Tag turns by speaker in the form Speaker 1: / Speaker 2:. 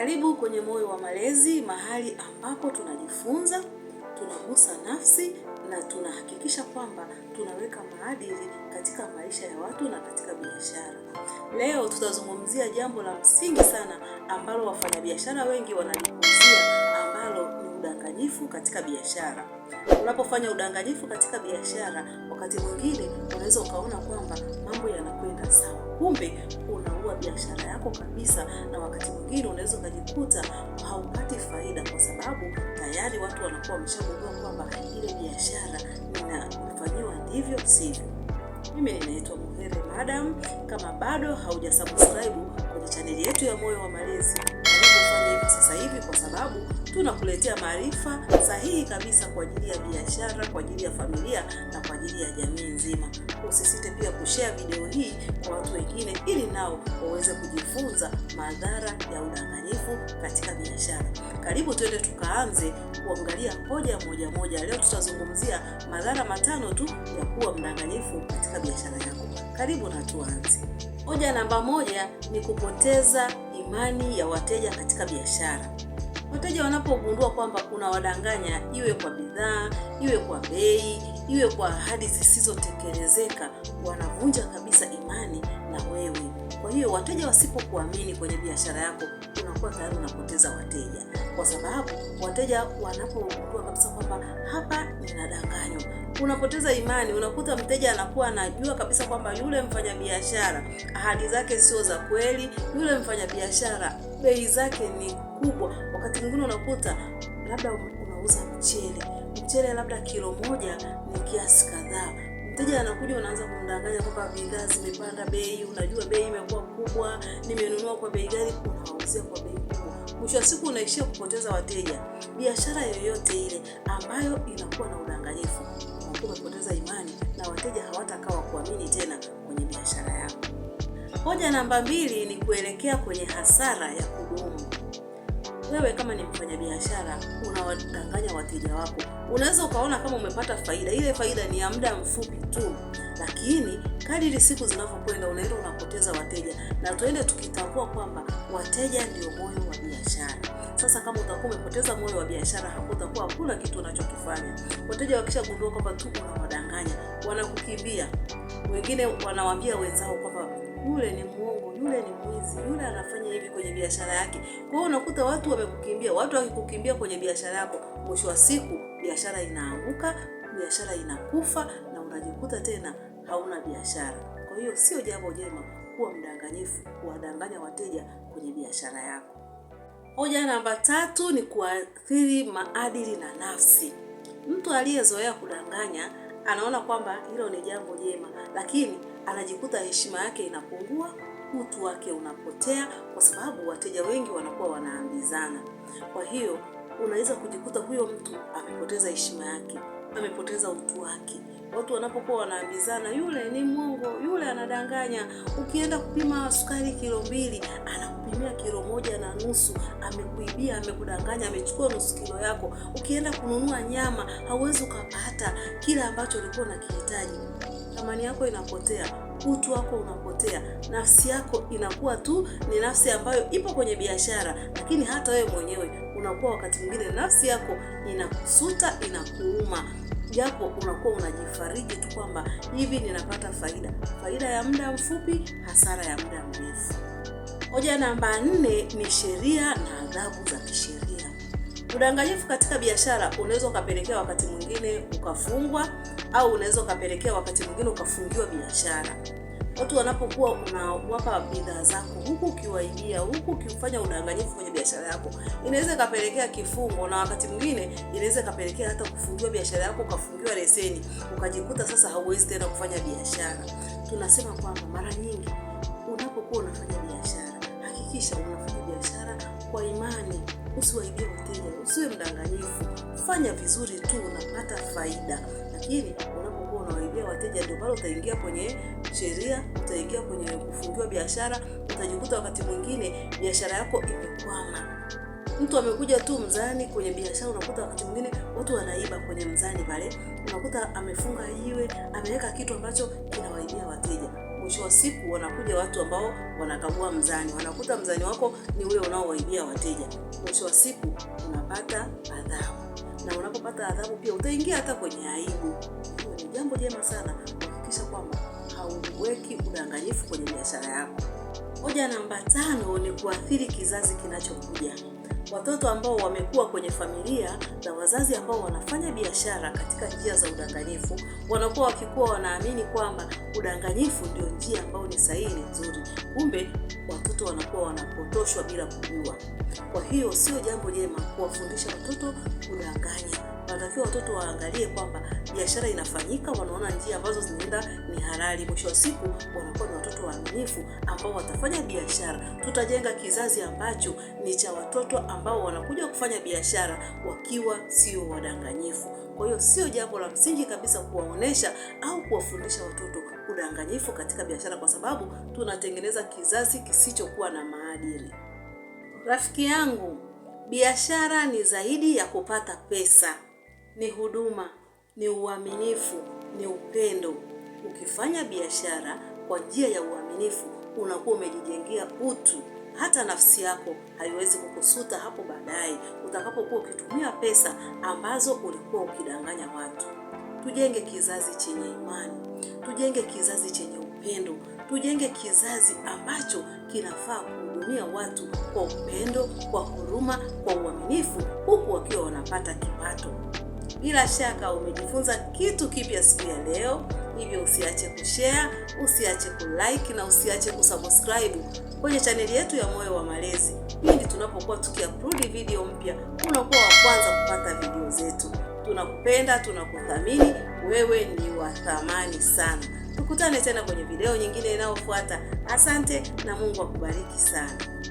Speaker 1: Karibu kwenye Moyo wa Malezi, mahali ambapo tunajifunza, tunagusa nafsi na tunahakikisha kwamba tunaweka maadili katika maisha ya watu na katika biashara. Leo tutazungumzia jambo la msingi sana ambalo wafanyabiashara wengi wanalipuuzia udanganyifu katika biashara. Unapofanya udanganyifu katika biashara, wakati mwingine unaweza ukaona kwamba mambo yanakwenda sawa, kumbe unaua biashara yako kabisa, na wakati mwingine unaweza ukajikuta haupati faida, kwa sababu tayari watu wanakuwa wameshagundua kwamba ile biashara inafanyiwa ndivyo sivyo. Mimi ninaitwa Muhere Madam. Kama bado subscribe kwenye chaneli yetu ya Moyo wa Malezi tena sasa hivi, kwa sababu tunakuletea maarifa sahihi kabisa kwa ajili ya biashara, kwa ajili ya familia na kwa ajili ya jamii nzima. Usisite pia kushare video hii kwa watu wengine, ili nao waweze kujifunza madhara ya udanganyifu katika biashara. Karibu tuende tukaanze kuangalia hoja moja moja. Leo tutazungumzia madhara matano tu ya kuwa mdanganyifu katika biashara yako. Karibu na tuanze. Hoja namba moja ni kupoteza imani ya wateja katika biashara. Wateja wanapogundua kwamba kuna wadanganya, iwe kwa bidhaa, iwe kwa bei, iwe kwa ahadi zisizotekelezeka, wanavunja kabisa imani na wewe. Kwa hiyo wateja wasipokuamini kwenye biashara yako, unakuwa tayari unapoteza wateja, kwa sababu wateja wanapogundua kabisa kwamba hapa ninadanganywa, unapoteza imani. Unakuta mteja anakuwa anajua kabisa kwamba yule mfanyabiashara ahadi zake sio za kweli, yule mfanyabiashara bei zake ni kubwa. Wakati mwingine unakuta labda unauza mchele, mchele labda kilo moja ni kiasi kadhaa mteja anakuja, unaanza kumdanganya kwamba bidhaa zimepanda bei, unajua bei imekuwa kubwa, nimenunua kwa bei gani, unawauzia kwa bei kubwa. Mwisho wa siku unaishia kupoteza wateja. Biashara yoyote ile ambayo inakuwa na udanganyifu, unakuwa umepoteza imani na wateja hawatakaa kuamini tena kwenye biashara yako. Hoja namba mbili ni kuelekea kwenye hasara ya kudumu wewe kama ni mfanyabiashara unawadanganya wateja wako. Unaweza ukaona kama umepata faida, ile faida ni ya muda mfupi tu, lakini kadiri siku zinavyokwenda unaenda unapoteza wateja, na tuende tukitambua kwamba wateja ndio moyo wa biashara. Sasa kama utakuwa umepoteza moyo wa biashara, hakutakuwa hakuna kitu unachokifanya. Wateja wakishagundua kwamba tu unawadanganya, wanakukimbia. Wengine wanawaambia wenzao kwamba yule ni mwongo, yule ni mwizi, yule anafanya hivi kwenye biashara yake. Kwa hiyo unakuta watu wamekukimbia. Watu wakikukimbia kwenye biashara yako, mwisho wa siku biashara inaanguka, biashara inakufa, na unajikuta tena hauna biashara. Kwa hiyo sio jambo jema kuwa mdanganyifu, kuwadanganya wateja kwenye biashara yako. Hoja namba tatu ni kuathiri maadili na nafsi. Mtu aliyezoea kudanganya anaona kwamba hilo ni jambo jema, lakini anajikuta heshima yake inapungua, utu wake unapotea, kwa sababu wateja wengi wanakuwa wanaambizana. Kwa hiyo unaweza kujikuta huyo mtu amepoteza heshima yake, amepoteza utu wake. Watu wanapokuwa wanaambizana, yule ni mwongo, yule anadanganya. Ukienda kupima sukari kilo mbili, anakupimia kilo moja na nusu. Amekuibia, amekudanganya, amechukua nusu kilo yako. Ukienda kununua nyama, hauwezi ukapata kile ambacho ulikuwa unakihitaji thamani yako inapotea, utu wako unapotea, nafsi yako inakuwa tu ni nafsi ambayo ipo kwenye biashara, lakini hata wewe mwenyewe unakuwa wakati mwingine nafsi yako inakusuta, inakuuma japo unakuwa unajifariji tu kwamba hivi ninapata faida, faida ya muda mfupi, hasara ya muda mrefu. Hoja namba nne ni sheria na adhabu za kisheria. Udanganyifu katika biashara unaweza ukapelekea wakati mwingine ukafungwa, au unaweza ukapelekea wakati mwingine ukafungiwa biashara. Watu wanapokuwa unawapa bidhaa zako, huku ukiwaibia, huku ukiufanya udanganyifu kwenye biashara yako, inaweza ikapelekea kifungo, na wakati mwingine inaweza ikapelekea hata kufungiwa biashara yako, ukafungiwa leseni, ukajikuta sasa hauwezi tena kufanya biashara. Tunasema kwamba mara nyingi unapokuwa unafanya biashara, hakikisha unafanya biashara kwa imani, usiwaibie wateja, usiwe mdanganyifu, fanya vizuri tu, unapata faida. Lakini unapokuwa unawaibia wateja, ndio pale utaingia kwenye sheria, utaingia kwenye kufungiwa biashara, utajikuta wakati mwingine biashara yako imekwama. Mtu amekuja tu mzani kwenye biashara, unakuta wakati mwingine watu wanaiba kwenye mzani pale, unakuta amefunga jiwe, ameweka kitu ambacho kinawaibia wateja mwisho wa siku wanakuja watu ambao wanakagua mzani, wanakuta mzani wako ni ule unaowaibia wateja. Mwisho wa siku unapata adhabu, na unapopata adhabu pia utaingia hata kwenye aibu. Ni jambo jema sana kuhakikisha kwamba hauweki udanganyifu kwenye biashara yako. Hoja namba tano ni kuathiri kizazi kinachokuja watoto ambao wamekuwa kwenye familia za wazazi ambao wanafanya biashara katika njia za udanganyifu, wanakuwa wakikuwa wanaamini kwamba udanganyifu ndio njia ambayo ni sahihi, ni nzuri. Kumbe watoto wanakuwa wanapotoshwa bila kujua. Kwa hiyo sio jambo jema kuwafundisha watoto kudanganya wanatakiwa watoto waangalie kwamba biashara inafanyika, wanaona njia ambazo zinaenda ni halali. Mwisho wa siku wanakuwa ni watoto waaminifu ambao watafanya biashara. Tutajenga kizazi ambacho ni cha watoto ambao wanakuja kufanya biashara wakiwa sio wadanganyifu. Kwa hiyo sio jambo la msingi kabisa kuwaonesha au kuwafundisha watoto udanganyifu katika biashara, kwa sababu tunatengeneza kizazi kisichokuwa na maadili.
Speaker 2: Rafiki yangu, biashara ni zaidi ya kupata pesa ni huduma, ni uaminifu, ni upendo. Ukifanya biashara kwa njia ya uaminifu, unakuwa umejijengea utu. Hata nafsi yako haiwezi kukusuta hapo baadaye, utakapokuwa ukitumia pesa ambazo ulikuwa ukidanganya watu. Tujenge kizazi chenye imani, tujenge kizazi chenye upendo, tujenge kizazi ambacho kinafaa kuhudumia watu kwa upendo, kwa huruma, kwa uaminifu, huku wakiwa wanapata kipato. Bila shaka umejifunza kitu kipya siku ya leo, hivyo usiache kushare, usiache kulike na usiache kusubscribe kwenye chaneli yetu ya Moyo wa Malezi, ili tunapokuwa tukiaplodi video mpya unakuwa wa kwanza kupata video zetu. Tunakupenda, tunakuthamini, wewe ni wa thamani sana. Tukutane tena kwenye video nyingine inayofuata. Asante na Mungu akubariki sana.